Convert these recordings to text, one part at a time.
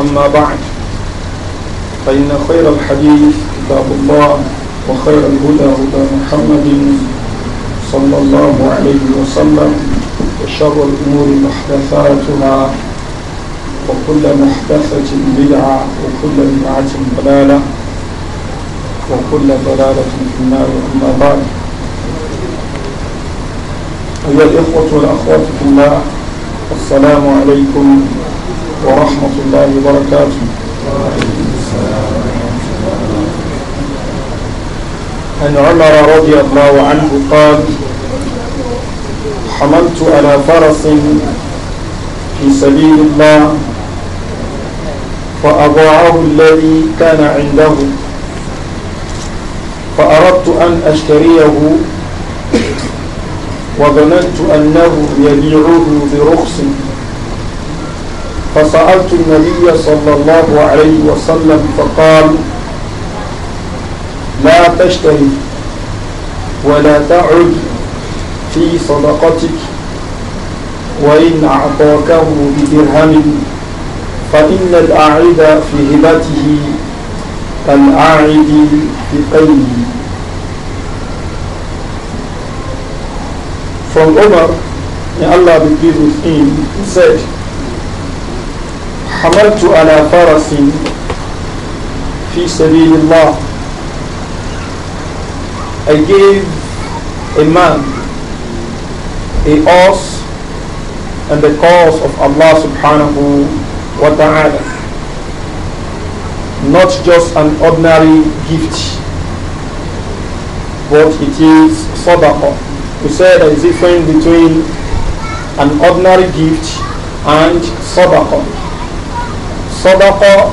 أما بعد فإن خير الحديث كتاب الله وخير الهدى هدى محمد صلى الله عليه وسلم وشر الأمور محدثاتها وكل محدثة بدعة وكل بدعة ضلالة وكل ضلالة في النار أما بعد أيها الإخوة والأخوات في الله السلام عليكم ورحمة الله وبركاته أن عمر رضي الله عنه قال حملت على فرس في سبيل الله فأضاعه الذي كان عنده فأردت أن أشتريه وظننت أنه يبيعه برخص فسألت النبي صلى الله عليه وسلم فقال لا تشتري ولا تعد في صدقتك وإن أعطاكه بدرهم فإن الأعد في هبته كالأعد في قيمه From Omar, may Allah be pleased with him, he said, حملت على فرس في سبيل الله I gave a man a horse and the cause of Allah subhanahu wa ta'ala not just an ordinary gift but it is sadaqah we say there is a difference between an ordinary gift and sadaqah Sadaqah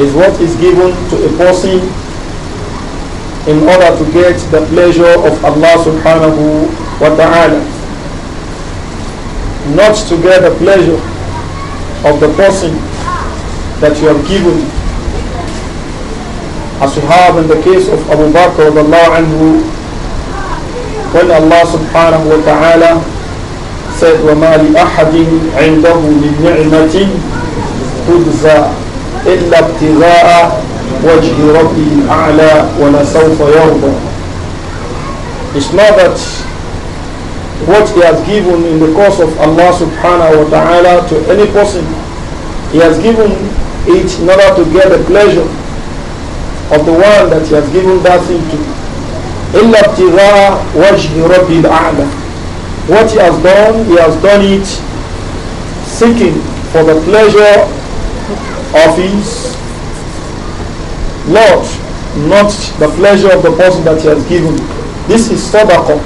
is what is given to a person in order to get the pleasure of Allah subhanahu wa ta'ala. Not to get the pleasure of the person that you have given. As we have in the case of Abu Bakr anhu, when Allah subhanahu wa ta'ala said, وَمَا لِأَحَدٍ عِنْدَهُ مِنْ نِعْمَةٍ تجزى إلا ابتغاء وجه الأعلى ولسوف يرضى It's not that what he has given in the cause of Allah subhanahu wa ta'ala to any person, he has given it in order to get the pleasure of the one that he has given that thing to. إِلَّا ابْتِغَاءَ وَجْهِ رَبِّ الْأَعْلَى What he has done, he has done it seeking for the pleasure office. Lord, not the pleasure of the person that he has given. This is sadaqah.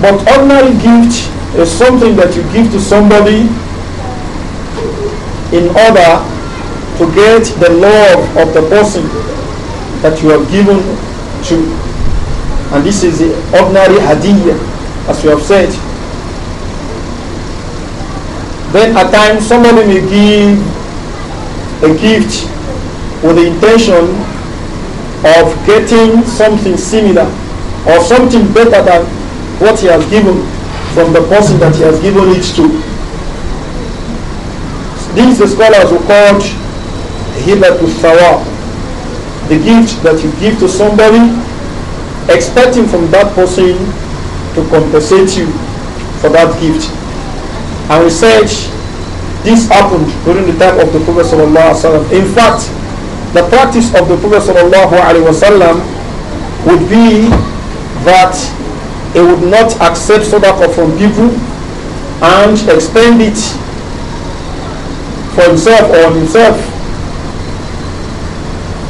But ordinary gift is something that you give to somebody in order to get the love of the person that you have given to. And this is the ordinary hadiyah, as we have said. Then at times somebody may give a gift with the intention of getting something similar or something better than what he has given from the person that he has given it to. These the scholars who called to Thawa, the gift that you give to somebody, expecting from that person to compensate you for that gift. And we this happened during the time of the Prophet ﷺ. In fact, the practice of the Prophet ﷺ would be that he would not accept sadaqah from people and expend it for himself or on himself.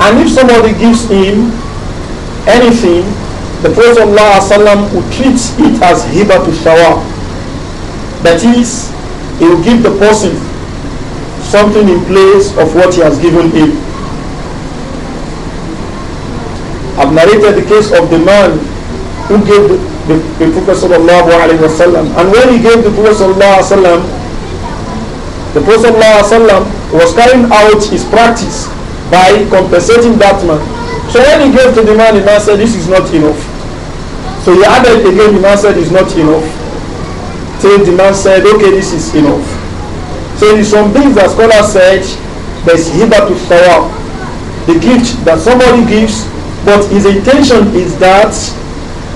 And if somebody gives him anything, the Prophet ﷺ would treat it as hiba to shawar. That is, he will give the person something in place of what he has given him. I've narrated the case of the man who gave the, the, the Prophet sallallahu alayhi wa And when he gave the Prophet sallallahu alayhi wa the Prophet sallallahu alayhi wa was carrying out his practice by compensating that man. So when he gave to the man, the man said, this is not enough. So he added again, the man said, it's not enough. Till the man said, okay, this is enough. So in some things that scholars said there's hiba to thawab, the gift that somebody gives, but his intention is that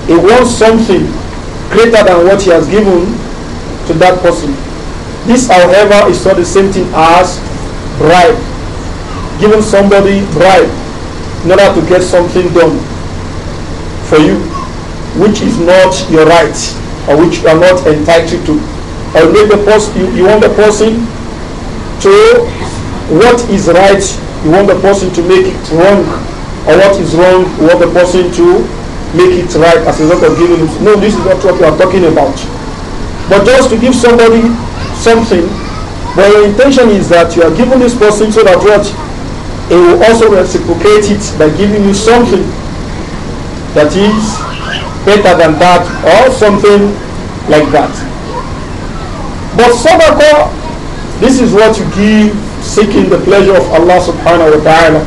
he wants something greater than what he has given to that person. This, however, is not the same thing as bribe. Giving somebody bribe in order to get something done for you, which is not your right or which you are not entitled to or make the person you, you want the person to what is right you want the person to make it wrong or what is wrong you want the person to make it right as a result of giving no this is not what we are talking about but just to give somebody something but your intention is that you are giving this person so that what it will also reciprocate it by giving you something that is better than that or something like that but sadaqah, this is what you give seeking the pleasure of Allah subhanahu wa ta'ala.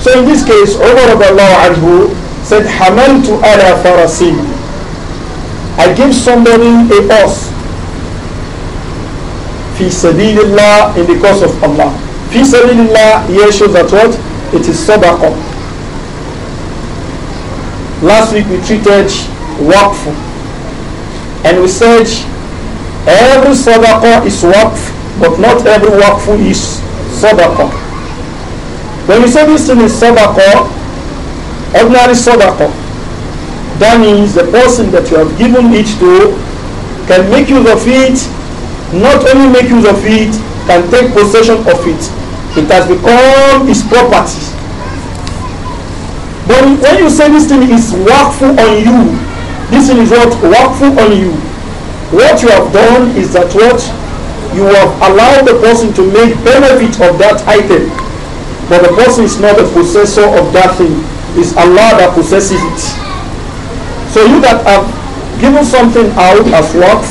So in this case, Umar anhu said, Hamaltu ala farasim. I give somebody a horse. Fi sabilillah in the cause of Allah. Fi sabilillah here shows that what? It is sadaqah. Last week we treated waqf and we said Every sadaqah is waqf, but not every waqf is sadaqah. When you say this thing is sadaqah, ordinary sadaqah, that means the person that you have given it to can make use of it, not only make use of it, can take possession of it. It has become his property. But when you say this thing is wakfu on you, this thing is what? Wakfu on you. what you have done is that what you have allowed the person to make benefit of that item but the person is not the possessor of that thing it's allah that possesses it so you that have given something out as what,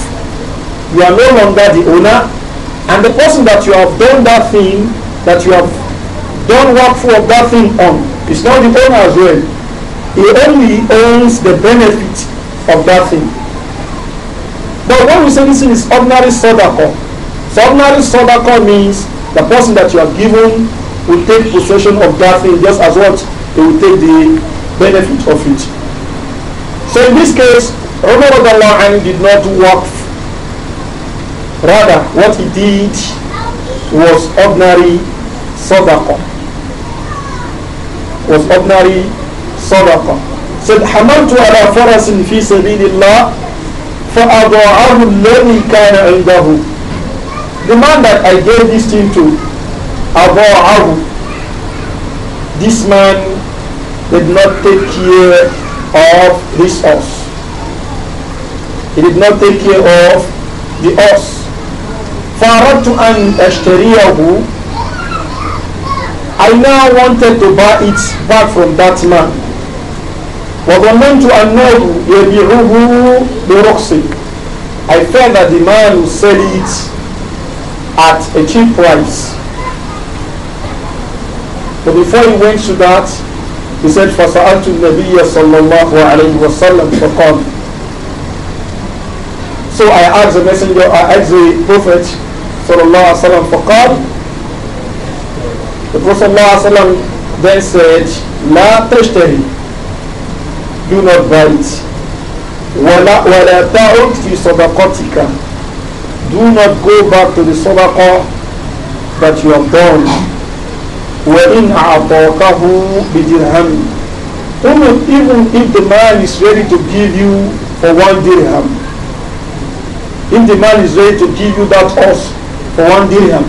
you are no longer the owner and the person that you have done that thing that you have done work for that thing on is not the owner as well he only owns the benefit of that thing But what we say this is ordinary sadaqah, so ordinary sadaqah means the person that you are given will take possession of that thing just as what they will take the benefit of it. So in this case, Umar did not work. Rather, what he did was ordinary sadaqah. Was ordinary sadaqah. Said, حملت على فرس في سبيل الله فَأَضَاعَهُ الَّذِي كَانَ عِنْدَهُ The man that I gave this thing to, أَضَاعَهُ This man did not take care of this horse. He did not take care of the horse. فَأَرَدْتُ أَنْ أَشْتَرِيَهُ I now wanted to buy it back from that man. وظننت أنه يبيعه برخص I felt that the man would sell it at a cheap price. But before he went to that, he said, فَسَأَلْتُ النَّبِيَّ صَلَّى اللَّهُ عَلَيْهِ وَسَلَّمَ فَقَالَ So I asked the messenger, I asked the Prophet صلى الله عليه وسلم فقال The Prophet صلى الله عليه وسلم then said, لا تشتري do not buy it. Wala wala ta'ud fi sadaqatika. Do not go back to the sadaqah that you have done. Wa in a'taqahu bi dirham. Even if the man is ready to give you for one dirham, if the man is ready to give you that horse for one dirham,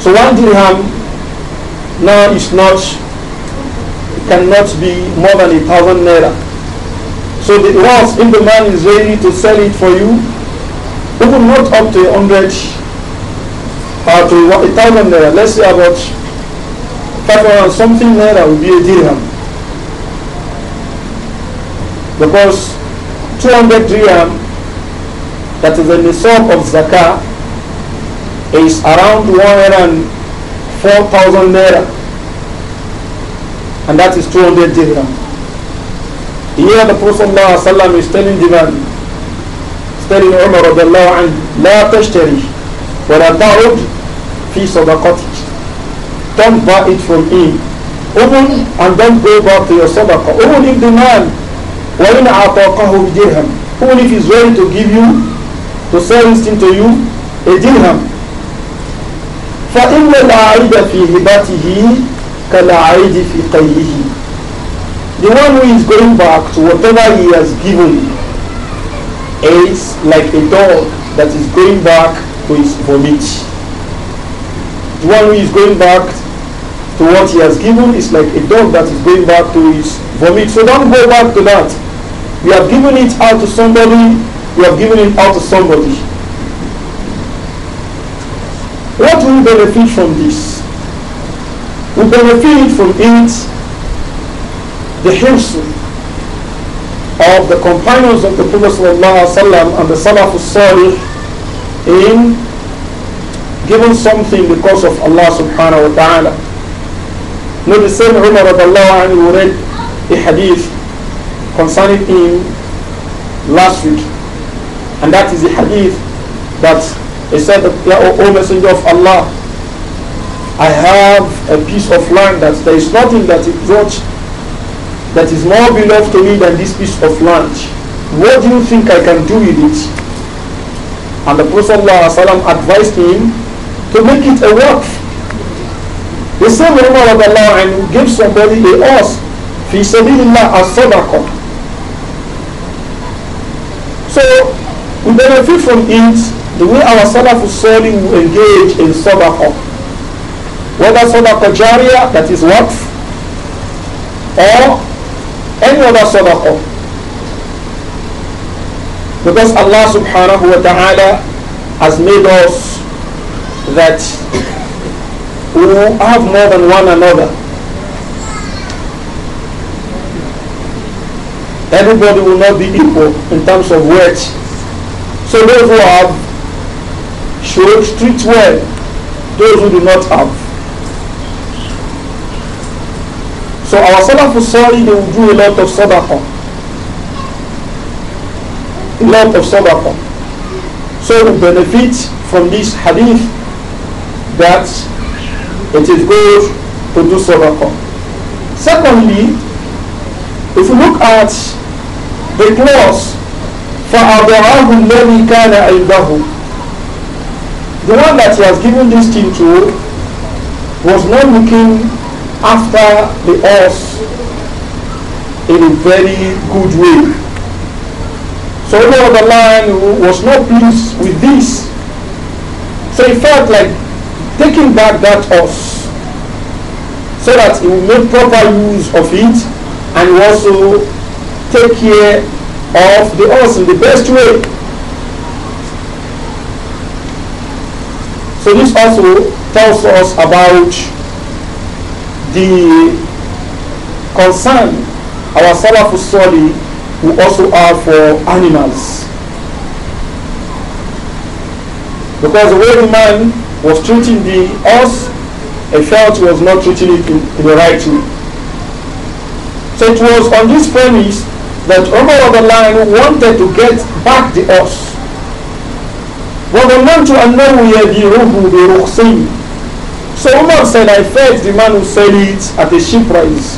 so one dirham now is not cannot be more than a thousand naira. So the, once if the man is ready to sell it for you, even not up to a hundred or uh, to a thousand naira, let's say about five hundred something naira will be a dirham. Because 200 dirham, that is the nisab of zakah, is around 104,000 naira. and that is 200 dirham. Here the Prophet ﷺ is telling the man, telling Umar radiallahu anhu, لا تشتري ولا تعود في صدقتك. Don't buy it from him. Even and don't go back to your sadaqah. Even if the man وإن أعطاقه بدرهم. Even if he's ready to give you, to sell this thing to you, a dirham. فإن العائد في هبته كالعيد في the one who is going back to whatever he has given is like a dog that is going back to his vomit the one who is going back to what he has given is like a dog that is going back to his vomit so don't go back to that you have given it out to somebody you have given it out to somebody what will you benefit from this we benefit from it the hirs of the companions of the Prophet ﷺ and the Salaf al-Salih in giving something because of Allah subhanahu wa ta'ala. Now the same Umar anhu read a hadith concerning him last week. And that is the hadith that he said, that, O Messenger of Allah, I have a piece of land that there is nothing that is brought that is more beloved to me than this piece of land. What do you think I can do with it? And the Prophet ﷺ advised him to make it a work. The same Umar of Allah and give somebody a horse, So we benefit from it the way our salafus salih will engage in sadaqah whether sadaqah jariyah, that is waqf, or any other sadaqah. Because Allah subhanahu wa ta'ala has made us that we have more than one another. Everybody will not be equal in terms of wealth. So those who have should treat well those who do not have. So our Salafus Salih, they will do a lot of sadaqah. A lot of sadaqah. So we benefit from this hadith that it is good to do sadaqah. Secondly, if you look at the clause, فَأَضَعَهُ الَّذِي كَانَ عِنْدَهُ The one that he has given this thing to was not looking after the horse in a very good way. So Umar of the was not pleased with this. So he felt like taking back that horse so that he would make proper use of it and also take care of the horse in the best way. So this also tells us about the concern our Salafu Sali will also are for animals. Because the way the man was treating the horse, he felt he was not treating it in, in the right way. So it was on this premise that Umar of the line wanted to get back the horse. وَظَنَّنْتُ أَنَّهُ يَدِرُهُ بِرُخْصِهِ So Umar said, I felt the man who sold it at a cheap price.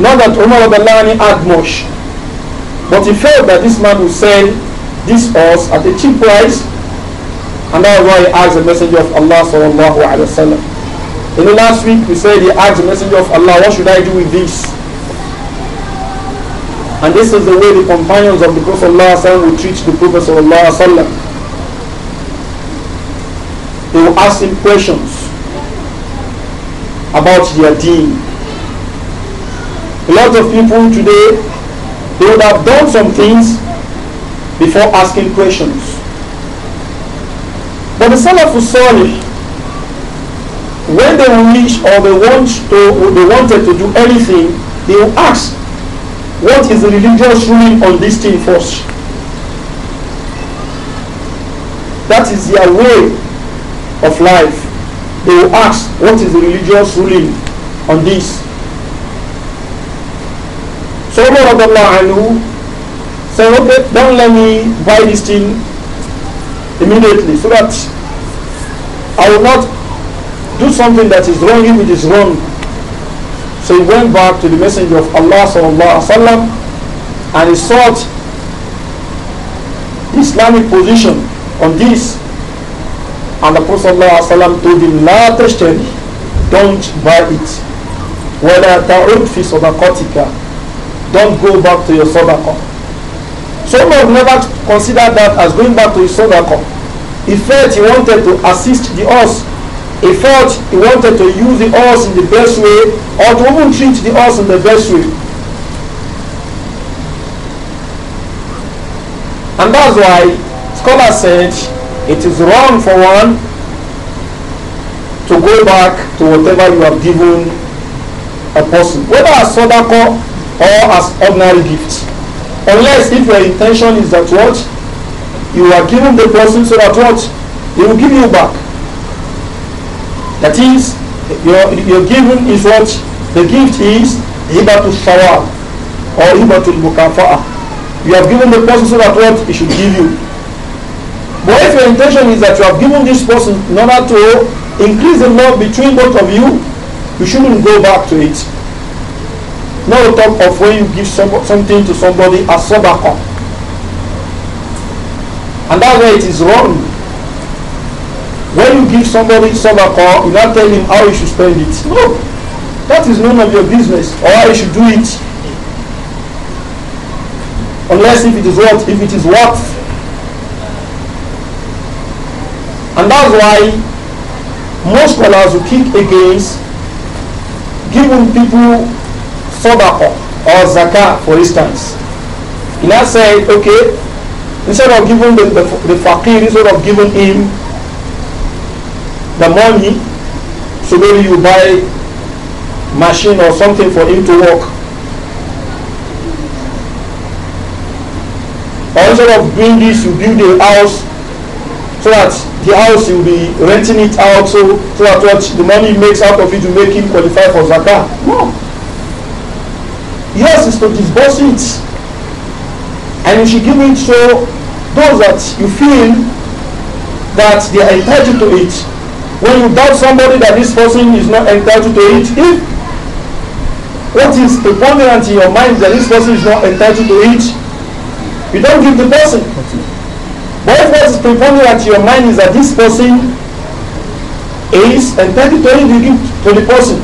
Not that Umar had much, but he felt that this man who sold this horse at a cheap price, and that's why he asked the messenger of Allah sallallahu alaihi wasallam. In the last week, we said he asked the messenger of Allah, what should I do with this? And this is the way the companions of the Prophet ﷺ will treat the Prophet sallallahu alaihi wasallam. They will ask him questions about their deen. A lot of people today, they would have done some things before asking questions. But the Salafus Salih, when they wish or they want to, they wanted to do anything, they will ask, what is the religious ruling on this thing first? That is their way of life, they will ask, what is the religious ruling on this? So Umar anhu said, okay, don't let me buy this thing immediately so that I will not do something that is wrong if it is wrong. So he went back to the messenger of Allah sallallahu alaihi wasallam and he sought Islamic position on this And the Prophet ﷺ told him, La tashtari, don't buy it. Whether ta'ud fi sadaqatika, don't go back to your sadaqah. So Umar never considered that as going back to his sadaqah. He felt he wanted to assist the horse. He felt he wanted to use the horse in the best way or to even treat the horse in the best way. And that's why scholars said It is wrong for one to go back to whatever you have given a person, whether as sadaqah or as ordinary gift. Unless if your intention is that what you are giving the person so that what he will give you back. That is, your your giving is what the gift is to shawab or to mukafa'a. You have given the person so that what he should give you. But if your intention is that you have given this person in order to increase the love between both of you, you shouldn't go back to it. Now talk of when you give some, something to somebody as sabaqah. And that way it is wrong. When you give somebody sabaqah, you not tell him how he should spend it. No. That is none of your business or how you should do it. Unless if it is what? If it is worth And that's why most scholars will kick against giving people sadaqah or zakah, for instance. He now say, okay, instead of giving the, the, the faqir, instead of giving him the money, so maybe you buy machine or something for him to work. Or instead of doing this, you build a house so that the house will be renting it out so, so that what the money makes out of it will make him qualify for zakah. No. Yes, is to disburse it. And you should give it to those that you feel that they are entitled to it. When you doubt somebody that this person is not entitled to it, if what is preponderant in your mind that this person is not entitled to it, you don't give the person. What what is preponderant at your mind is that this person is entitled to give to the person.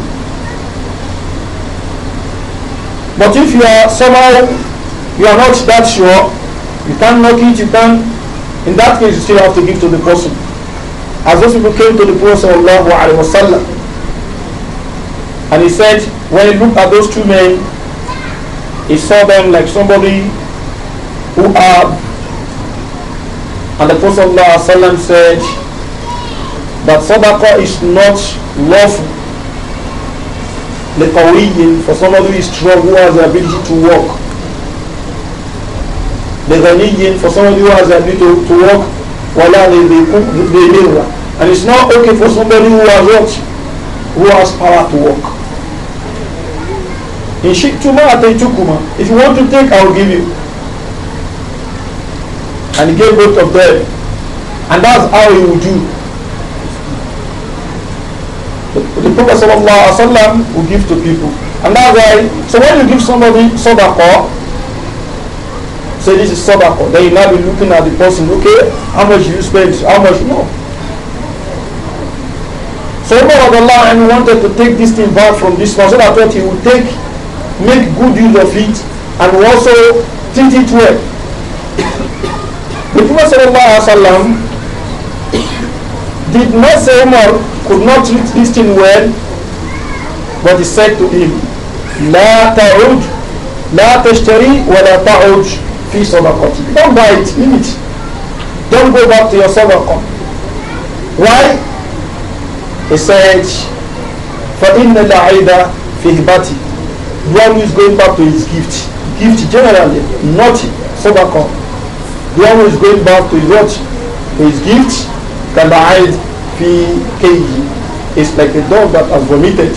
But if you are somehow you are not that sure, you can't knock it, you can in that case you still have to give to the person. As those people came to the Prophet Sallallahu Alaihi and he said when he looked at those two men, he saw them like somebody who are And the Prophet ﷺ said that sadaqah is not lawful لقوي for somebody who is strong who has the ability to walk The لغني for somebody who has the ability to, to walk ولا لذي and it's not okay for somebody who has what who has power to walk in if you want to take I will give you and he gave both of them and that's how he would do the prophet sallallahu alaihi wasallam would give to people and that's why so when you give somebody sadaqah say this is sadaqah then you now be looking at the person okay how much you spend how much you know. so Umar Allah and he wanted to take this thing back from this one so that what he would take make good use of it and also treat it well The Prophet sallam, did not say Umar could not treat this thing well, but he said to him, لا تعود لا تشتري ولا تعود في صدقتي. Don't buy it, leave it. Don't go back to your sadaqah. Why? He said, فإن العيد في هبتي. One who is going back to his gift. Gift generally, not sadaqah. The one is going back to his what? His can Kaba'id fi keji. It's like a dog that has vomited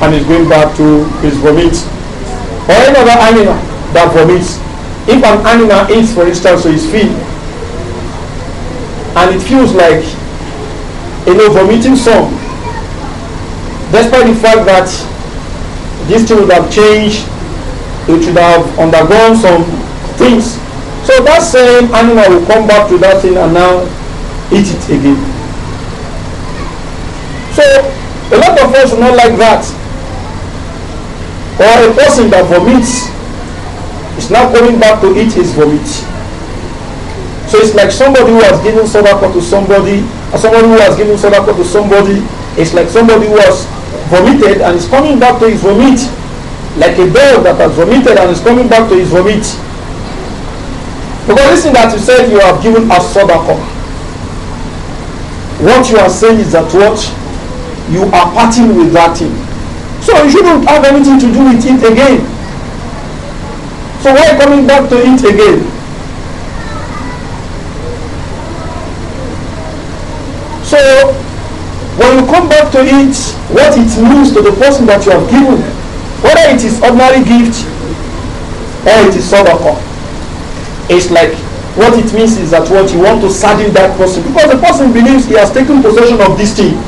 and is going back to his vomit. Or another animal that vomits. If an animal eats, for instance, his feet, and it feels like a vomiting song, despite the fact that this thing would have changed it should have undergone some things So that same animal will come back to that thing and now eat it again. So a lot of us are not like that. Or a person that vomits is now coming back to eat his vomit. So it's like somebody who has given sadaqa to somebody, or somebody who has given sadaqa to somebody. It's like somebody who has vomited and is coming back to his vomit, like a dog that has vomited and is coming back to his vomit. Because this thing that you said you have given as sadaqah, what you are saying is that what you are parting with that thing. So you shouldn't have anything to do with it again. So why coming back to it again? So when you come back to it, what it means to the person that you have given, whether it is ordinary gift or it is sadaqah. It's like what it means is that what you want to saddle that person because the person believes he has taken possession of this thing.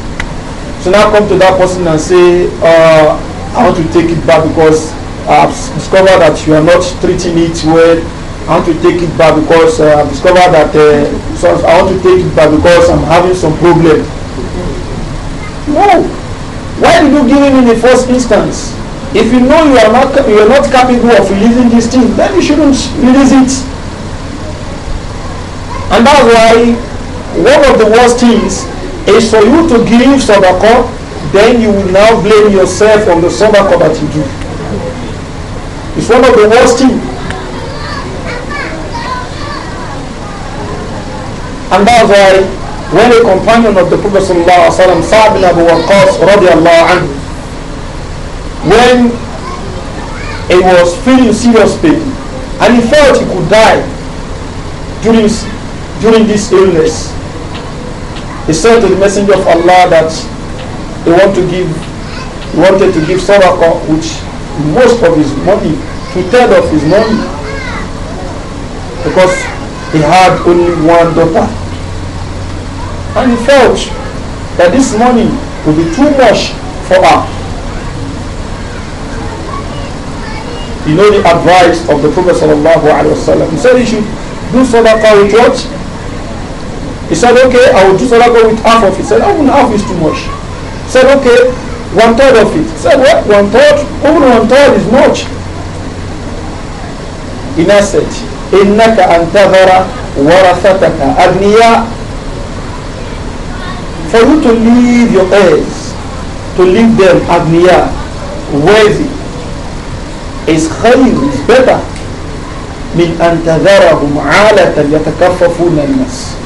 So now come to that person and say, uh, I want to take it back because I've discovered that you are not treating it well. I want to take it back because uh, I've discovered that uh, so I want to take it back because I'm having some problem. No. Why did you give him in the first instance? If you know you are not you are not capable of releasing this thing, then you shouldn't release it. And that's why one of the worst things is for you to give sadaqah, then you will now blame yourself on the sadaqah that you do. It's one of the worst things. And that's why when a companion of the Prophet ﷺ, Sa'd bin Abu Waqqas radiallahu anhu, when he was feeling serious pain and he felt he could die during during this illness, he said to the messenger of Allah that he want to give wanted to give sadaqah which most of his money, two thirds of his money, because he had only one daughter. And he felt that this money would be too much for her. You know the advice of the Prophet sallallahu He said he should do sadaqah with what? He said, okay, I will do go with half of it. He said, even half is too much. He said, okay, one third of it. He said, what? One third? Even one third is much. He now said, إنك أن تذر ورثتك For you to leave your heirs, to leave them أغنياء, worthy, is خير, is better من أن تذرهم عالة يتكففون الناس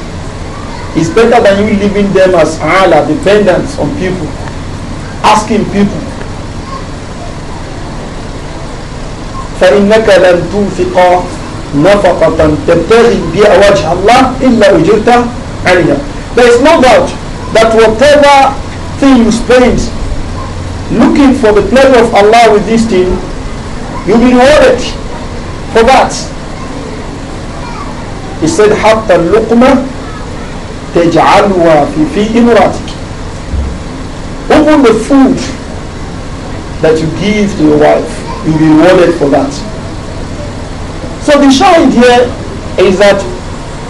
It's better than you leaving them as Allah, dependent on people, asking people. فإنك لن تنفق نفقة تبتغي بها وجه الله إلا أجرت عليها. There is no doubt that whatever thing you spend looking for the pleasure of Allah with this thing, you'll be rewarded for that. He said, حتى اللقمة تجعلها في في امراتك the food that you give to your wife you'll be rewarded for that so the shahid here is that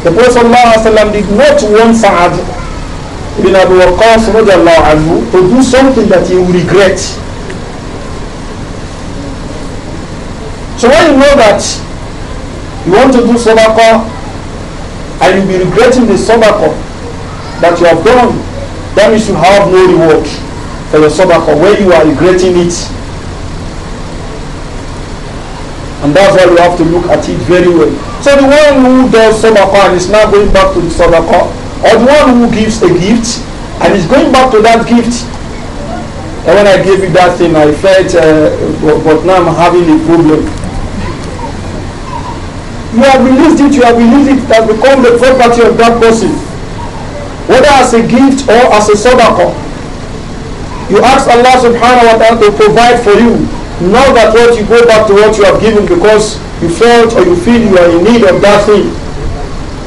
the Prophet ﷺ did not want Sa'ad ibn Abu Waqqas to do something that he would regret so when you know that you want to do sadaqah and you'll be regretting the sadaqah that you have done, that means you have no reward for your sadaqah when you are regretting it. And that's why we have to look at it very well. So the one who does sadaqah and is now going back to the sadaqah, or the one who gives a gift and is going back to that gift, and when I gave you that thing, I felt, uh, but, but now I'm having a problem. You have released it, you have released it, it has become the property of that person. whether as a gift or as a sadaqah. You ask Allah subhanahu wa ta'ala to provide for you, not that what you go back to what you have given because you felt or you feel you are in need of that thing.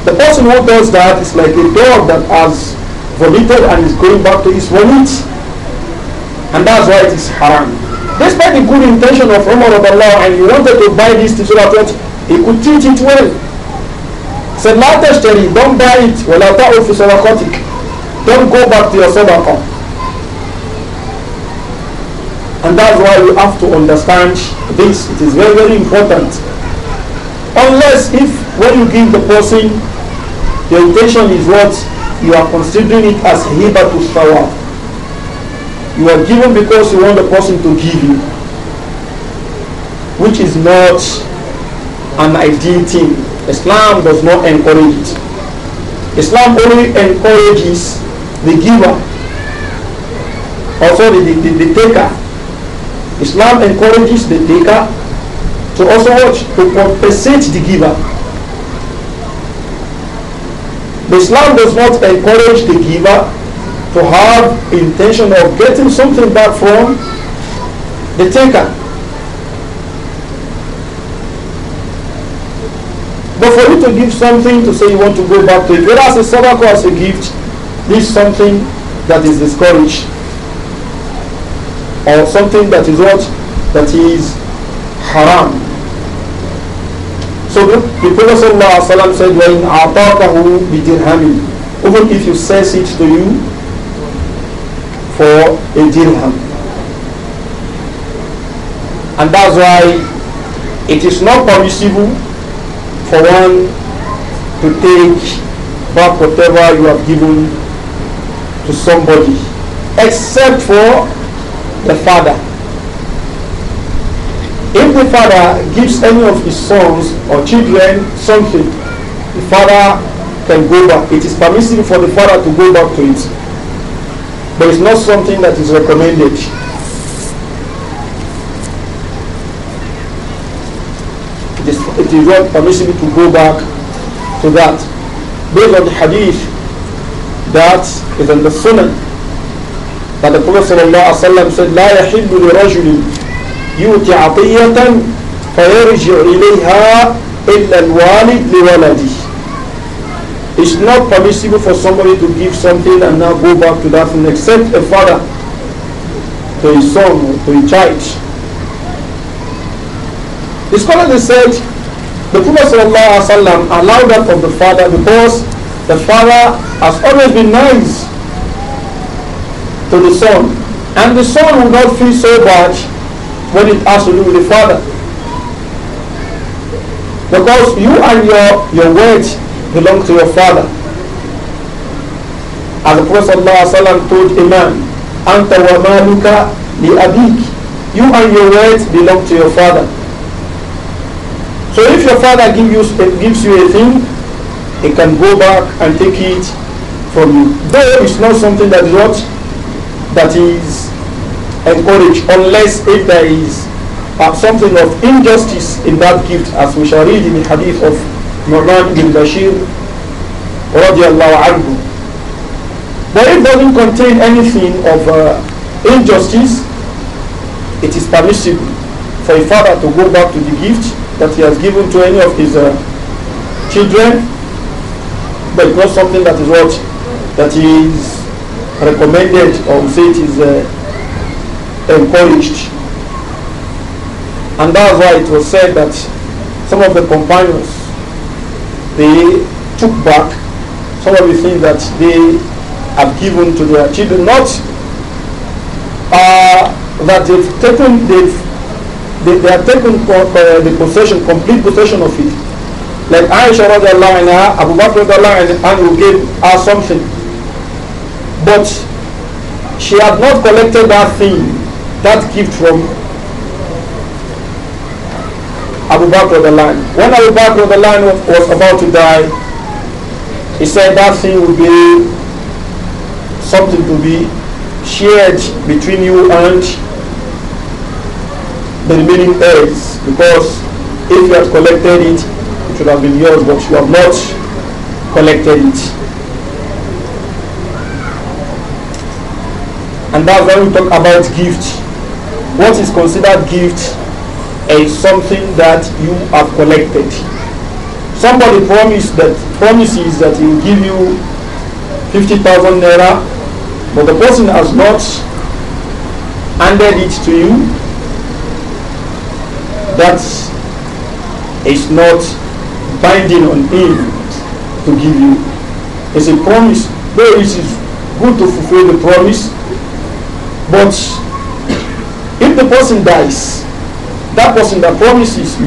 The person who does that is like a dog that has vomited and is going back to his vomit. And that's why it is haram. Despite the good intention of Umar of Allah and he wanted to buy this so that he could teach it well. said, La tashtari, don't buy it. Wala ta'u fi sadaqatik. Don't go back to your sadaqah. And that's why you have to understand this. It is very, very important. Unless if when you give the person, the intention is what you are considering it as hiba to shower. You are given because you want the person to give you, which is not an ideal thing. Islam does not encourage it. Islam only encourages the giver, also the, the, the, taker. Islam encourages the taker to also watch, to compensate the giver. Islam does not encourage the giver to have intention of getting something back from the taker. But for you to give something to say you want to go back to it, whether as a sadaqah or as a gift, this is something that is discouraged. Or something that is what? That is haram. So the, Prophet ﷺ said, وَإِنْ أَعْطَاكَهُ بِدِرْهَمٍ Even if you says it to you for a dirham. And that's why it is not permissible for one to take back whatever you have given to somebody except for the father. If the father gives any of his sons or children something, the father can go back. It is permissible for the father to go back to it. But it's not something that is recommended. it is not permissible to go back to that. Based on the hadith that is in the Sunnah, that the Prophet ﷺ said, لا يحل لرجل يؤتي عطية فيرجع إليها إلا الوالد لولده. It's not permissible for somebody to give something and now go back to that thing except a father to his son or to his child. The scholar said the Prophet ﷺ allowed that of the father because the father has always been nice to the son. And the son will not feel so bad when it has to do with the father. Because you and your, your words belong to your father. As the Prophet ﷺ told Imam, Anta wa maluka li abik. You and your words belong to your father. So if your father give you, gives you a thing, he can go back and take it from you. Though it's not something that is what that is encouraged, unless if there is uh, something of injustice in that gift, as we shall read in the hadith of Nu'man ibn Bashir radiallahu anhu. But it doesn't contain anything of uh, injustice, it is permissible for a father to go back to the gift that he has given to any of his uh, children, but not something that is what that is recommended or we say it is uh, encouraged. And that's why it was said that some of the companions they took back some of the things that they have given to their children, not uh, that they've taken, they've they, they taking uh, the possession, complete possession of it. Like Aisha radiallahu anha, Abu Bakr radiallahu he gave her something. But she had not collected that thing, that gift from Abu Bakr radiallahu anhu. When Abu Bakr radiallahu anhu was about to die, he said that thing would be something to be shared between you and the remaining eggs because if you had collected it, it should have been yours, but you have not collected it. And that's why we talk about gift. What is considered gift is something that you have collected. Somebody promised that promises that he will give you 50,000 naira, but the person has not handed it to you that is not binding on him to give you. It's a promise. Though it is good to fulfill the promise, but if the person dies, that person that promises you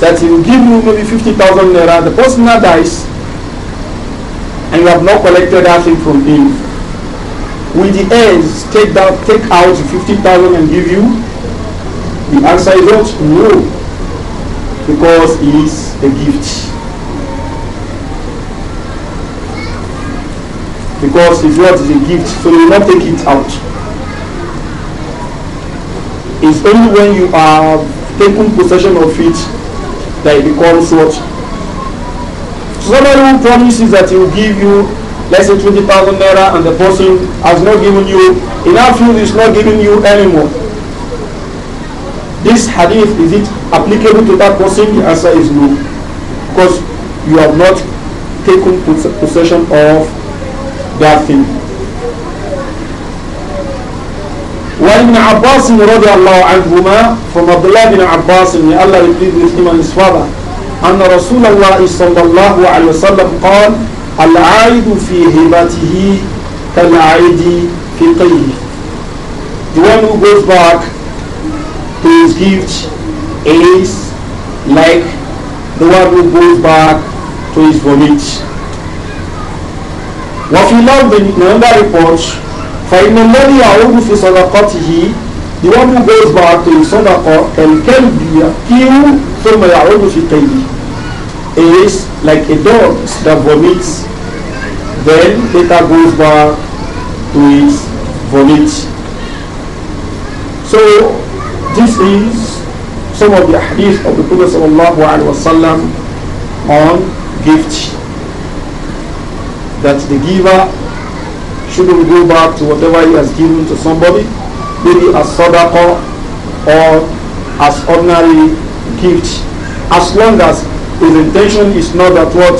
that he will give you maybe 50,000 naira, the person now dies and you have not collected that thing from him. Will the heirs take, that, take out 50,000 and give you the answer is not no, because it is a gift. Because if what is a gift, so you will not take it out. It's only when you are taking possession of it that it becomes what? Somebody who promises that he will give you let's say 20,000 naira and the person has not given you, in our field is not giving you anymore this hadith, is it applicable to that person? The answer is no. Because you have not taken possession of that thing. وابن عباس رضي الله عنهما from Abdullah bin Abbas may Allah be pleased with him and his father أن رسول الله صلى الله عليه وسلم قال العائد في هبته كالعائد في قيه the one who goes back his gift is like the one who goes back to his vomit. وفي لفظ in another report فإن الذي يعود في صدقته the one who goes back to his and صدقة كالكلب يأكل ثم يعود في قيله is like a dog that vomits then later goes back to his vomit. So This is some of the hadith of the Prophet wasallam on gift. That the giver shouldn't go back to whatever he has given to somebody, maybe as sadaqah or as ordinary gift, as long as his intention is not that what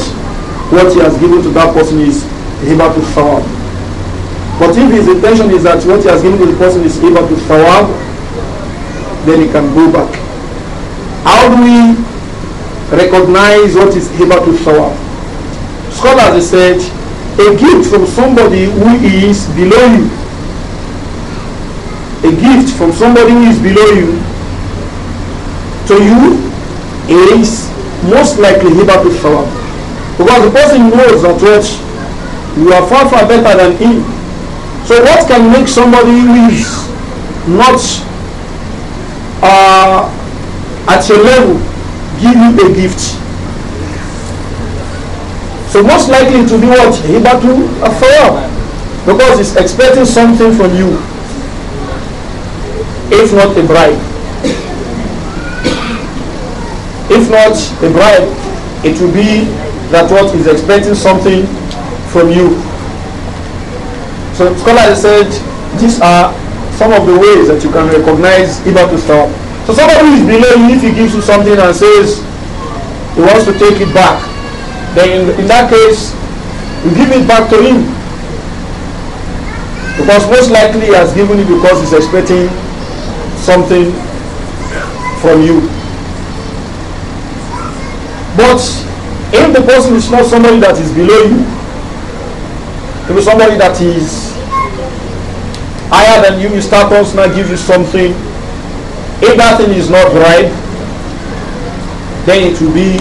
what he has given to that person is able to thawab. But if his intention is that what he has given to the person is able to thawab, then he can go back. How do we recognize what is Hibatul Sawab? Scholars have said a gift from somebody who is below you. A gift from somebody who is below you to you is most likely Hibatul Sawab. Because the person knows that what you are far far better than him. So what can make somebody who is not uh, at your level give you a gift. So most likely to be what? to Afar. Because he's expecting something from you. If not a bribe. If not a bribe, it will be that what is expecting something from you. So scholars said these are some of the ways that you can recognize Ibatu Star. So somebody who is below you, if he gives you something and says he wants to take it back, then in, in that case, you give it back to him. Because most likely he has given it because he's expecting something from you. But if the person is not somebody that is below you, it is somebody that is higher than you, you start on now give you something if that thing is not right, then it will be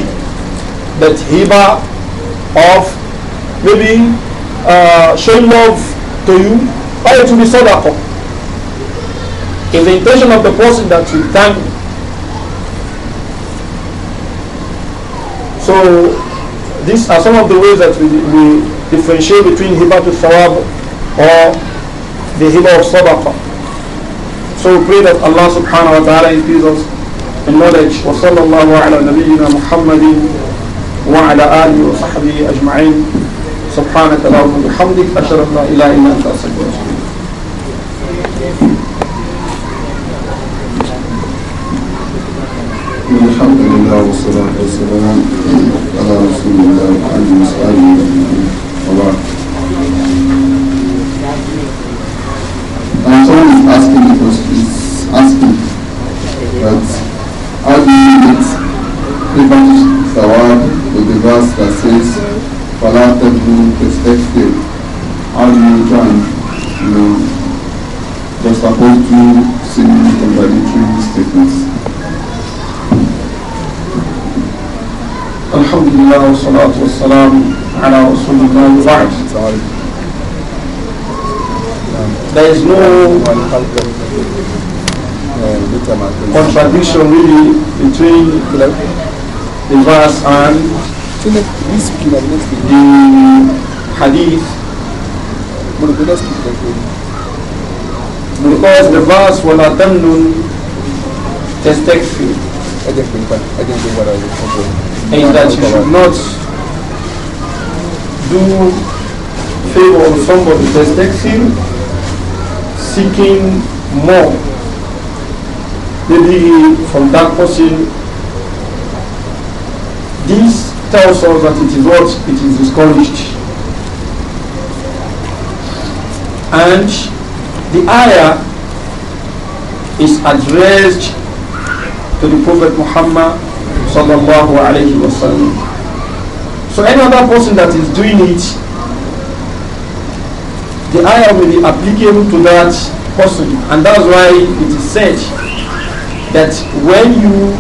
that hiba of maybe uh, showing love to you, or it will be sadaqah. If the intention of the person that you thank So these are some of the ways that we, we differentiate between hiba to thawab or the hiba of sadaqah. So we pray that Allah subhanahu wa ta'ala infuses us in knowledge. Wa sallallahu ala nabiyyina Muhammadin wa ala alihi wa sahbihi ajma'in. سبحانك اللهم وبحمدك اشرف لا اله الا انت استغفرك few semi-contradictory statements. الحمد لله والصلاة والسلام على رسول الله وبعد There is no contradiction really between the verse and the hadith because the vast وَلَا تَمْنُنْ تَسْتَكْفِرْ I didn't think what I didn't think what I was okay. And that you should not do favor on somebody testexil seeking more maybe from that person this tells us that it is what it is discouraged and the ayah is addressed to the Prophet Muhammad sallallahu alayhi wasallam. So any other person that is doing it, the ayah will be applicable to that person. And that's why it is said that when you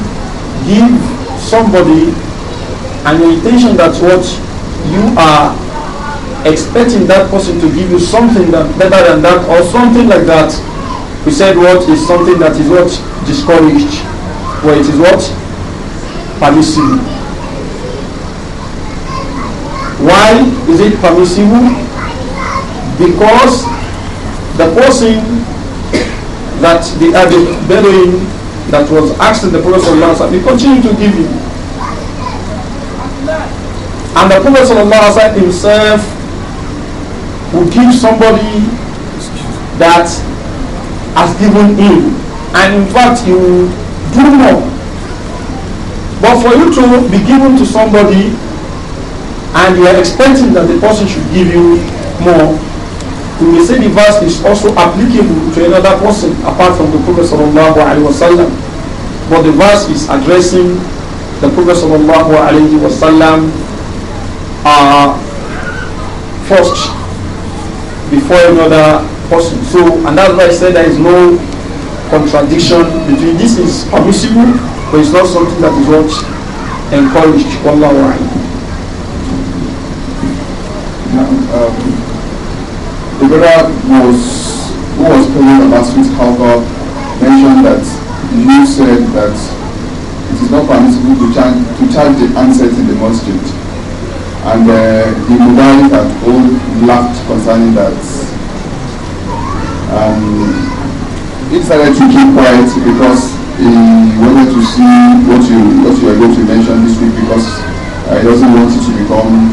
give somebody an intention that what you are expecting that person to give you something that better than that or something like that. We said what is something that is what discouraged, where it is what permissible. Why is it permissible? Because the person that the other uh, Bedouin that was asking the Prophet ﷺ, he continued to give him. And the Prophet ﷺ himself will give somebody that has given him, and in fact, he will do more. But for you to be given to somebody and you are expecting that the person should give you more, we may say the verse is also applicable to another person apart from the Prophet sallallahu alaihi wasallam. But the verse is addressing the Prophet sallallahu alaihi wasallam uh, first before another person. So, and that's why I said there is no contradiction between this is permissible, but it's not something that is what encouraged. Wallahu a'lam. Um, the brother was who was praying about sweet alcohol mentioned that you said that it is not permissible to chant to chant the answers in the mosque. And uh, the Mubalik has all laughed concerning that. Um, it's he decided to keep quiet because he wanted to see what you what you are going to mention this week because uh, he doesn't want it to become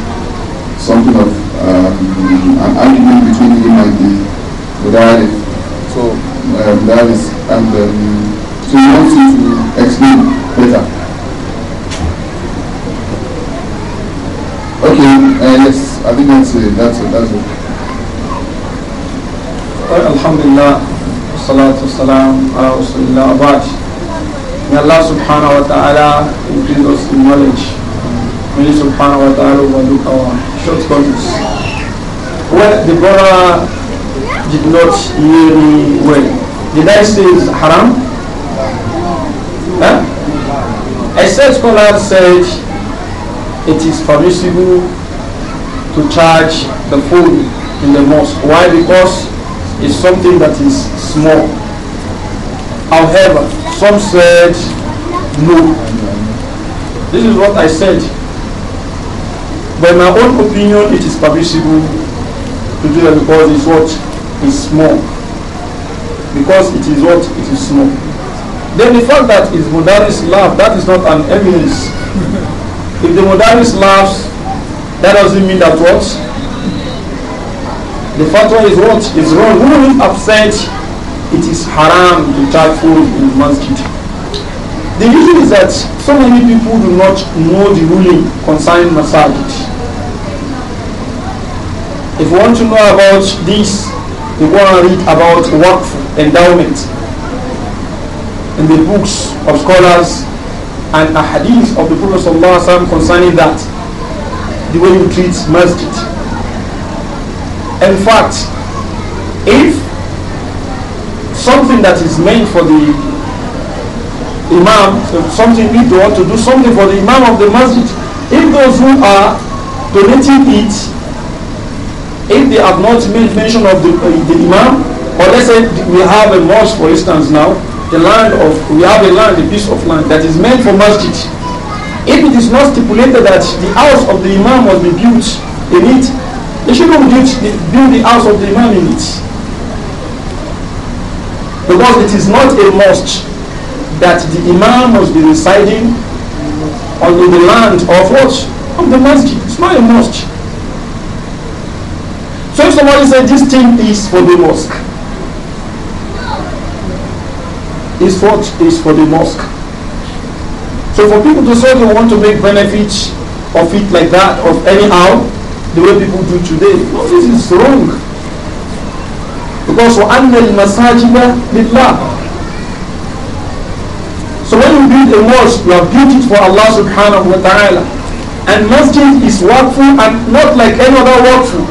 something of um, an argument between him and the Mudari. So um, uh, that is and um, so he wants you to explain better. Okay, uh, yes, I think that's it. That's it. That's it. Well, alhamdulillah, salatu salam ala rasulillah abad. May Allah subhanahu wa ta'ala increase us in knowledge. May Allah, subhanahu wa ta'ala overlook our shortcomings. Well, the brother did not hear me well. Did I say it's haram? Huh? I said scholar said it is permissible to charge the food in the mosque. Why? Because it's something that is small. However, some said no. This is what I said. By my own opinion, it is permissible to do that because it's what is small. Because it is what it is small. Then the fact that it's Mudaris love, that is not an evidence if the modernist laughs, that doesn't mean that what? The fatwa is what? It's wrong. Who is upset? It is haram to charge food in masjid. The reason is that so many people do not know the ruling concerning masjid. If you want to know about this, you go and read about work endowment in the books of scholars and a hadith of the Prophet ﷺ concerning that, the way you treat masjid. In fact, if something that is meant for the imam, something we do want to do something for the imam of the masjid, if those who are donating it, if they have not made mention of the, uh, the imam, or let's say we have a mosque for instance now, the land of, we have a land, a piece of land that is meant for masjid. If it is not stipulated that the house of the imam must be built in it, they shouldn't build, build the house of the imam in it. Because it is not a must that the imam must be residing on the land of what? Of the masjid. It's not a mosque. So if somebody says this thing is for the mosque, is for the mosque. So for people to say they want to make benefit of it like that, of anyhow, the way people do today, no, this is wrong. Because وَأَنَّ الْمَسَاجِدَ لِلَّهِ so when you build a mosque, you have built it for Allah subhanahu wa ta'ala. And masjid is workful and not like any other workful.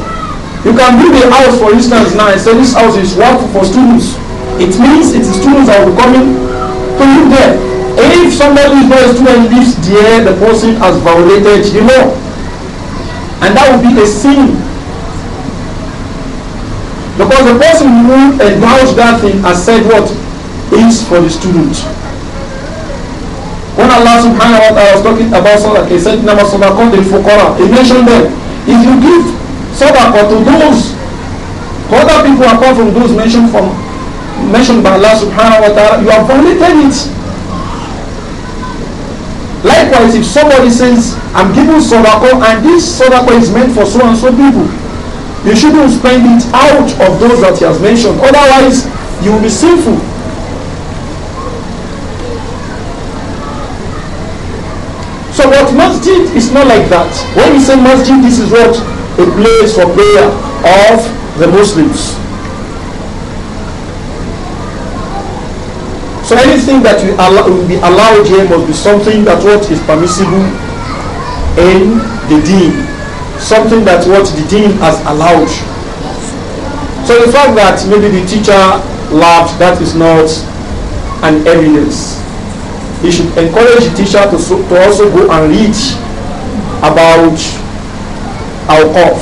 You can build a house, for instance, now and say this house is workful for students. It means it is students that will be coming to live there. If somebody is not a student lives there, the person has violated the law. And that would be a sin. Because the person who acknowledged that thing has said what is for the student. When Allah subhanahu wa ta'ala was talking about sadaqah, he said, Nama sadaqah the fuqara. He mentioned them. If you give sadaqah to those, to other people apart from those mentioned from mentioned by Allah subhanahu wa ta'ala, you have violated it. Likewise, if somebody says, I'm giving sadaqah and this sadaqah is meant for so and so people, you shouldn't spend it out of those that he has mentioned. Otherwise, you will be sinful. So what masjid is not like that. When you say masjid, this is what? A place for prayer of the Muslims. So anything that will, allow, will be allowed here must be something that what is permissible in the dean, Something that what the dean has allowed. So the fact that maybe the teacher laughed, that is not an evidence. You should encourage the teacher to, to also go and read about our off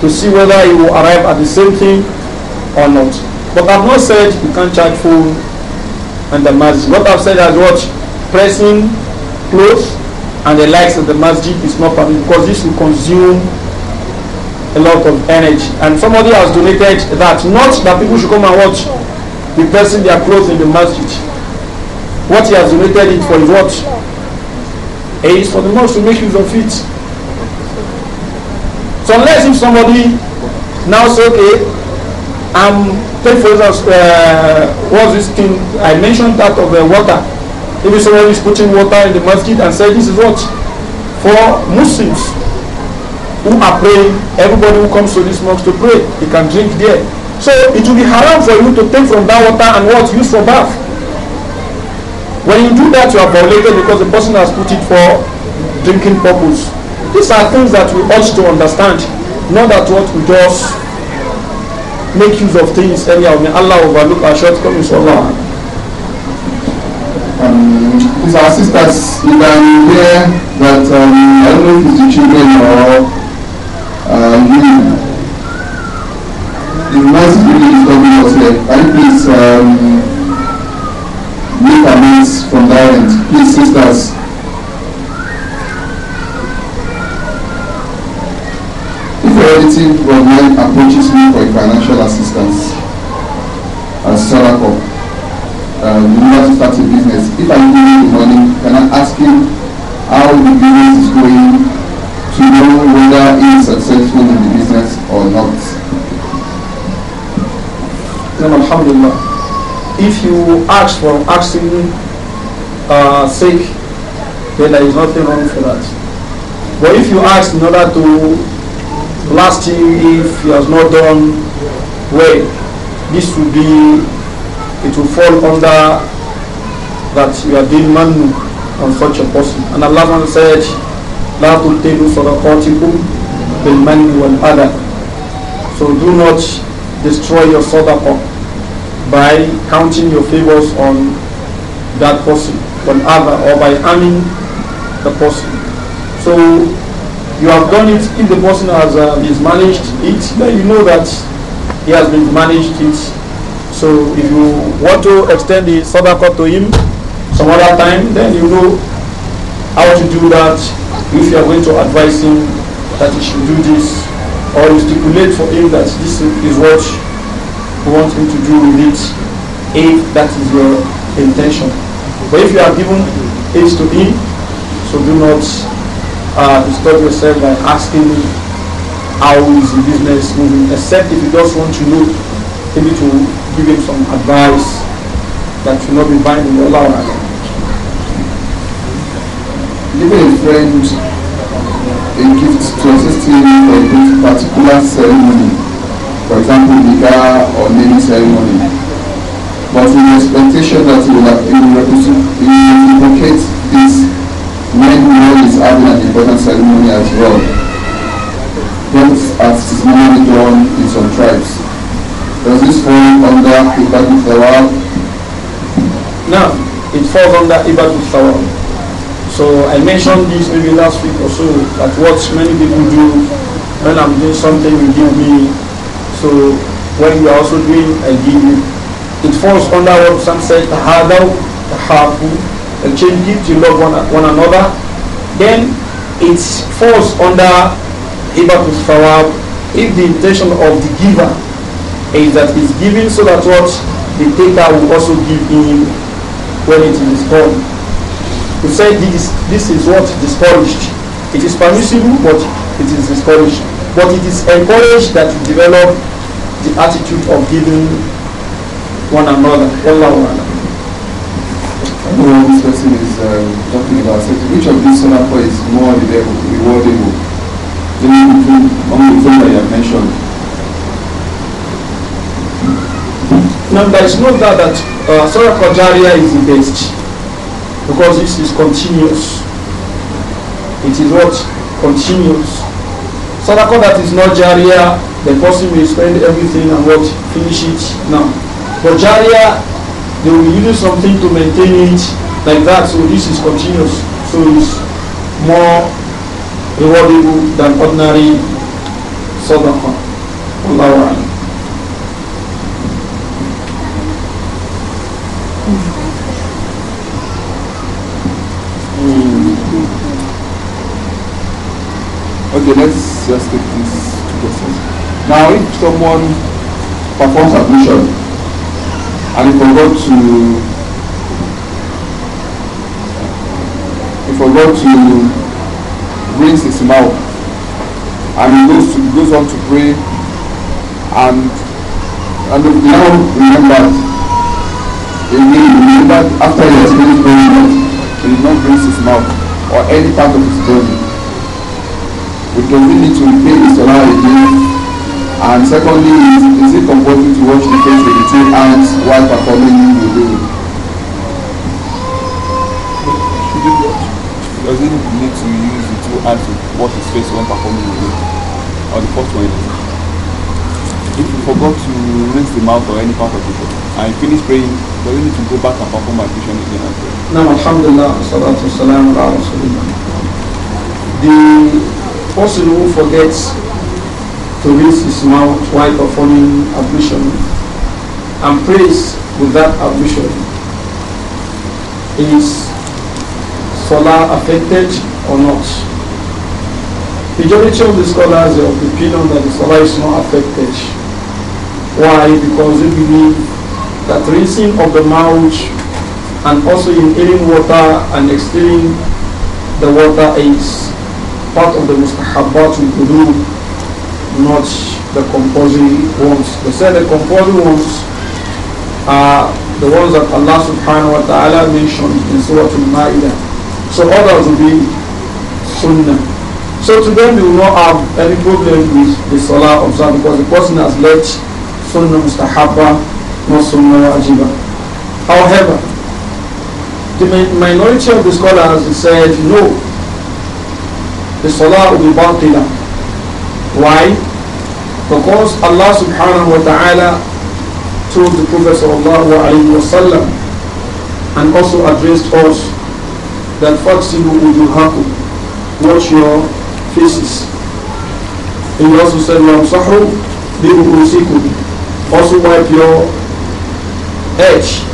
to see whether he will arrive at the same thing or not. But I've not said you can't charge for and the masjid. What I've said is what? Pressing clothes and the likes of the masjid is not permitted because this will consume a lot of energy. And somebody has donated that. Not that people should come and watch the pressing their clothes in the masjid. What he has donated it for is what? It is for the mosque to make use of it. So unless if somebody now say, okay, um, take for instance, uh, what's this thing? I mentioned that of the uh, water. Maybe someone is putting water in the masjid and said this is what? For Muslims who are praying, everybody who comes to this mosque to pray, they can drink there. So it will be haram for you to take from that water and what use for bath. When you do that, you are violated because the person has put it for drinking purpose. These are things that we ought to understand, not that what we just make use of things anyhow. May Allah overlook our shortcomings, Allah. Um, it's our sisters, you can hear that, um, I don't know if it's the children or uh, you. The noise is really disturbing us here. Can you please um, make amends from that end? Please, sisters, relative of mine approaches me for financial assistance as Sarako, uh, you want to start a business, if I give him the money, can I ask him how the business is going to know whether he's successful in the business or not? Then, Alhamdulillah, if you ask for asking uh, sake, then there is nothing wrong for that. But if you ask in order to last year if he has not done well this will be it will fall under that you are doing manu on such a person and Allah said لا تبطلوا صدقاتكم بالمن والأذى so do not destroy your sadaqah by counting your favors on that person on other or by harming the person so you have done it if the person has uh, mismanaged it then you know that he has mismanaged it so if you want to extend the sadaqah to him some other time then you know how to do that if you are going to advise him that he should do this or you stipulate for him that this is what you want him to do with it if that is your intention but if you are given it to him so do not uh, disturb yourself by asking me how is the business moving, except if you just want to know, maybe to give him some advice that should not be binding all our Giving a friend a gift to assist him for a particular ceremony, for example, Nika or naming ceremony, but with the expectation that he will, he will reciprocate this Marriage union is having an important ceremony as well. Both is normally done in some tribes. Does this fall under Ibadu Thawab? No, it falls under Ibadu Thawab. So I mentioned this maybe last week or so that what many people do when I'm doing something you give me. So when you are also doing I give you. It falls under what some say the tahafu, change it to love one, one another, then it falls under Ibatul Thawab if the intention of the giver is that he's giving so that what the taker will also give him when it is done. We say this, this is what discouraged. It is permissible, but it is discouraged. But it is encouraged that you develop the attitude of giving one another. Allah, Allah. I know person is um, talking about which of these sonatas is more rewardable? The between among the that you have mentioned. Now there is no doubt that uh, Sadaqa is the best because this is continuous. It is what continues. Sadaqa that is not Jariya, the person will spend everything and what finish it now. For Jariya they will be using something to maintain it like that. So this is continuous. So it's more rewardable than ordinary sadaqah. Allahu Akbar. Hmm. Okay, let's just take this two Now, if someone performs ablution and if I go to if I go to rinse his mouth and he goes to goes on to pray and and the now remembers he may remember after he has finished praying he did not rinse his mouth or any part of his body which doesn't need to repay his salah again And secondly, is, is it comforting to watch the face of the two hands while performing the doing? Does he need to use the two hands to watch his face when performing the doing? Or the first one? If you forgot to rinse the mouth or any part of the body and finish praying, does it need to go back and perform ablution again and pray? Now, Alhamdulillah, salatu salam ala Rasulullah. The person who forgets to this is now while performing ablution and prays with that ablution. Is Salah affected or not? Majority of the scholars are of the opinion that the Salah is not affected. Why? Because they believe that rinsing of the mouth and also inhaling water and exhaling the water is part of the mustahabbat will do not the composing ones. They said the composing ones are the ones that Allah subhanahu wa ta'ala mentioned in Surah Al-Ma'idah. So others will be sunnah. So to them we will not have any problem with the salah observed because the person has left sunnah mustahabba, not sunnah ajiba. However, the minority of the scholars said no, the salah will be batila. Why? Because Allah subhanahu wa ta'ala told the Prophet sallallahu alayhi wa sallam and also addressed us that فَاقْسِبُوا وُجُوهَكُمْ Watch your faces. He also said, وَامْسَحُوا بِرُؤُسِكُمْ Also wipe your edge.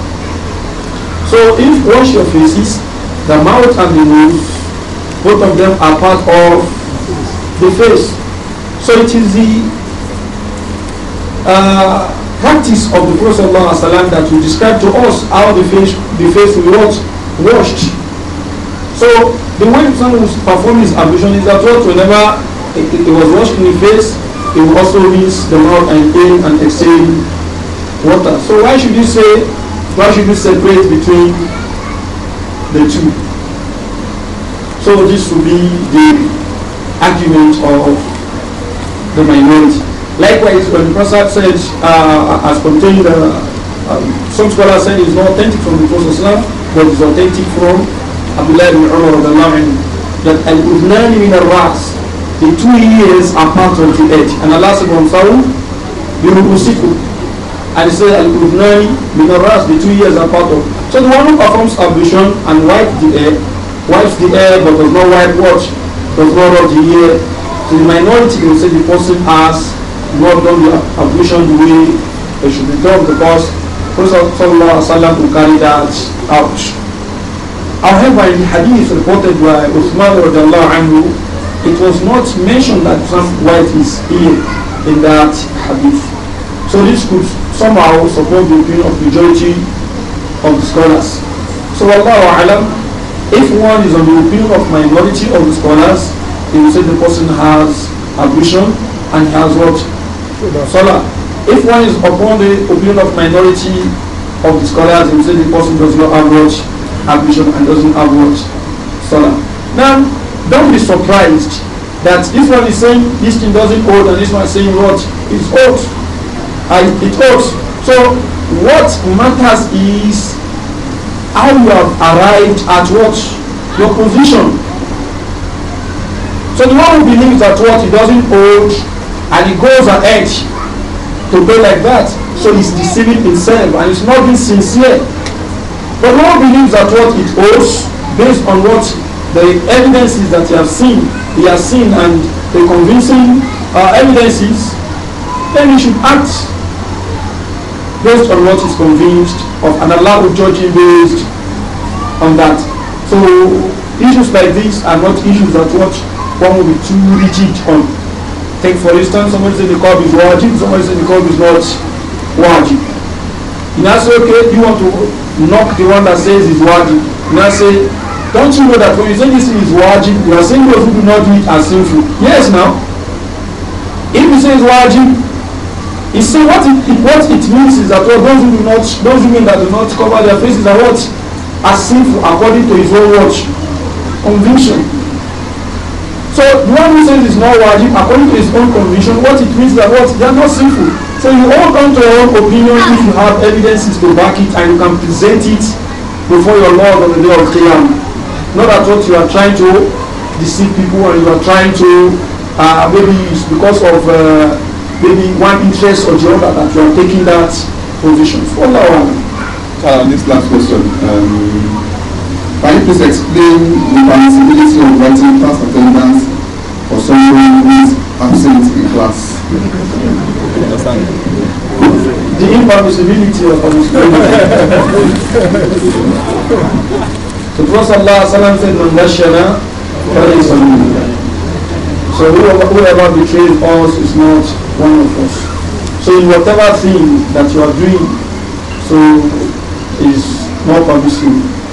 So if wash your faces, the mouth and the nose, both of them are part of the face. So it is the uh, practice of the Prophet ﷺ that will describe to us how the face, the face was washed. So the way someone performs his ablution is that what whenever it, was washed in the face, it also rinse the mouth and in and exhale water. So why should you say, why should you separate between the two? So this will be the argument of the minority. Likewise, when uh, uh, the Prophet said, uh, as contained, uh, some scholars said it's not authentic from the Prophet but it's authentic from Abdullah ibn Umar of the Lamin, that al-udnani min al-ras, the two years are part of the edge. And Allah said, Wamsawu, will And he said, al-udnani min al-ras, the two years are part of. So the one who performs ablution and wipes the air, wipes the air but does not wipe watch, does not rub the ear, so the minority will say the person has not done the ablution the way it should be done because Prophet will carry that out. However, in hadith reported by Uthman anhu, it was not mentioned that some white is here in that hadith. So this could somehow support the opinion of majority of the scholars. So Allah alam, if one is on the opinion of minority of the scholars, they will say the person has ablution and he has what Salah. If one is upon the opinion of minority of the scholars, and say the person does not have much ambition and doesn't have much Salah. Now, don't be surprised that this one is saying this thing doesn't hold and this one is saying what is old. And it holds. So what matters is how you have arrived at what? Your position. So the one who believes that what he doesn't hold and he goes ahead to pray like that. So he's deceiving himself and he's not being sincere. But one believes that what it owes based on what the evidences that he has seen, he has seen and the convincing uh, evidences, then he should act based on what is convinced of and Allah will judge him based on that. So issues like these are not issues that what one will be too rigid on. Take for instance, somebody say the cup is wajib, somebody say the cup is not wajib. You now say, okay, you want to knock the one that says is wajib. You now say, don't you know that when you say this thing is wajib, you are saying those who do not do it are sinful. Yes, now. If you say it's wajib, you see what it, what it means is that well, those who do not, those women that do not cover their faces are what? Are sinful according to his own watch. Conviction. So the one who says it's not wajib according to his own conviction, what it means that what they are not sinful. So you all come to your own opinion if you have evidences to back it and you can present it before your Lord on the day of Qiyam. Not that what you are trying to deceive people and you are trying to uh, maybe it's because of uh, maybe one interest or the other that you are taking that position. For now, uh, this last question. Um, can you please explain the possibility of writing class attendance for someone who is absent in class? The impossibility of permissibility. The Prophet ﷺ said, So whoever, whoever betrayed us is not one of us. So in whatever thing that you are doing, so is not permissible.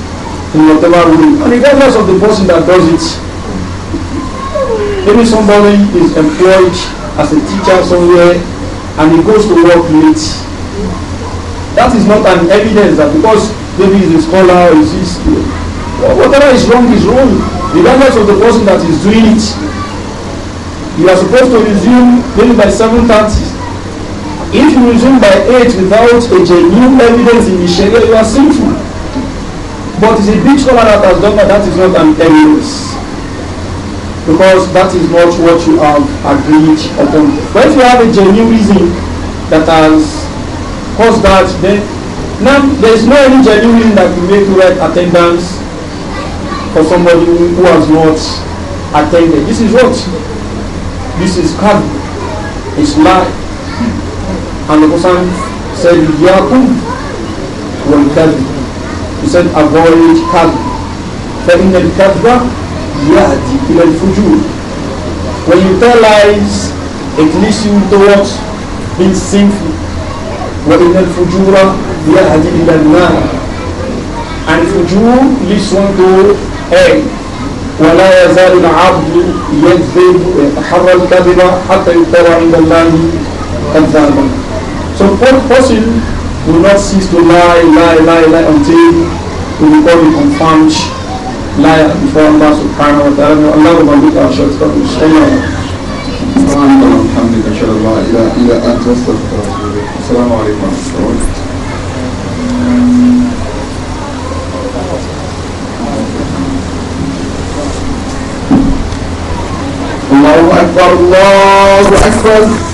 in whatever way. And regardless of the person that does it, maybe somebody is employed as a teacher somewhere and he goes to work late. That is not an evidence that because maybe he's a scholar or he's this, whatever is wrong is wrong. Regardless of the person that is doing it, you are supposed to resume maybe by seven thirty. If you resume by eight without a genuine evidence in the Sharia, you are sinful. But it's a big scholar that has done that. That is not an evidence. Because that is not what you have agreed upon. But if you have a genuine reason that has caused that, then now there is no any genuine reason that you make you write attendance for somebody who has not attended. This is what? This is carb. It's lie. And the person said, Yakum wal kadhib. said avoid كذب فإن الكذب يهدي إلى الفجور when you tell lies it leads you towards being sinful وإن الفجور يهدي إلى النار and الفجور leads one to hell ولا يزال العبد يكذب ويتحرى الكذب حتى يبتلى عند الله كذابا so Paul Fossil do not cease to lie, lie, lie, lie until we become a confirmed liar before Allah subhanahu wa ta'ala. Allah will make our shortcomings. Amen. سبحانك اللهم وبحمدك اشهد ان لا اله الا انت استغفرك واتوب اليك السلام عليكم ورحمه الله وبركاته الله اكبر الله اكبر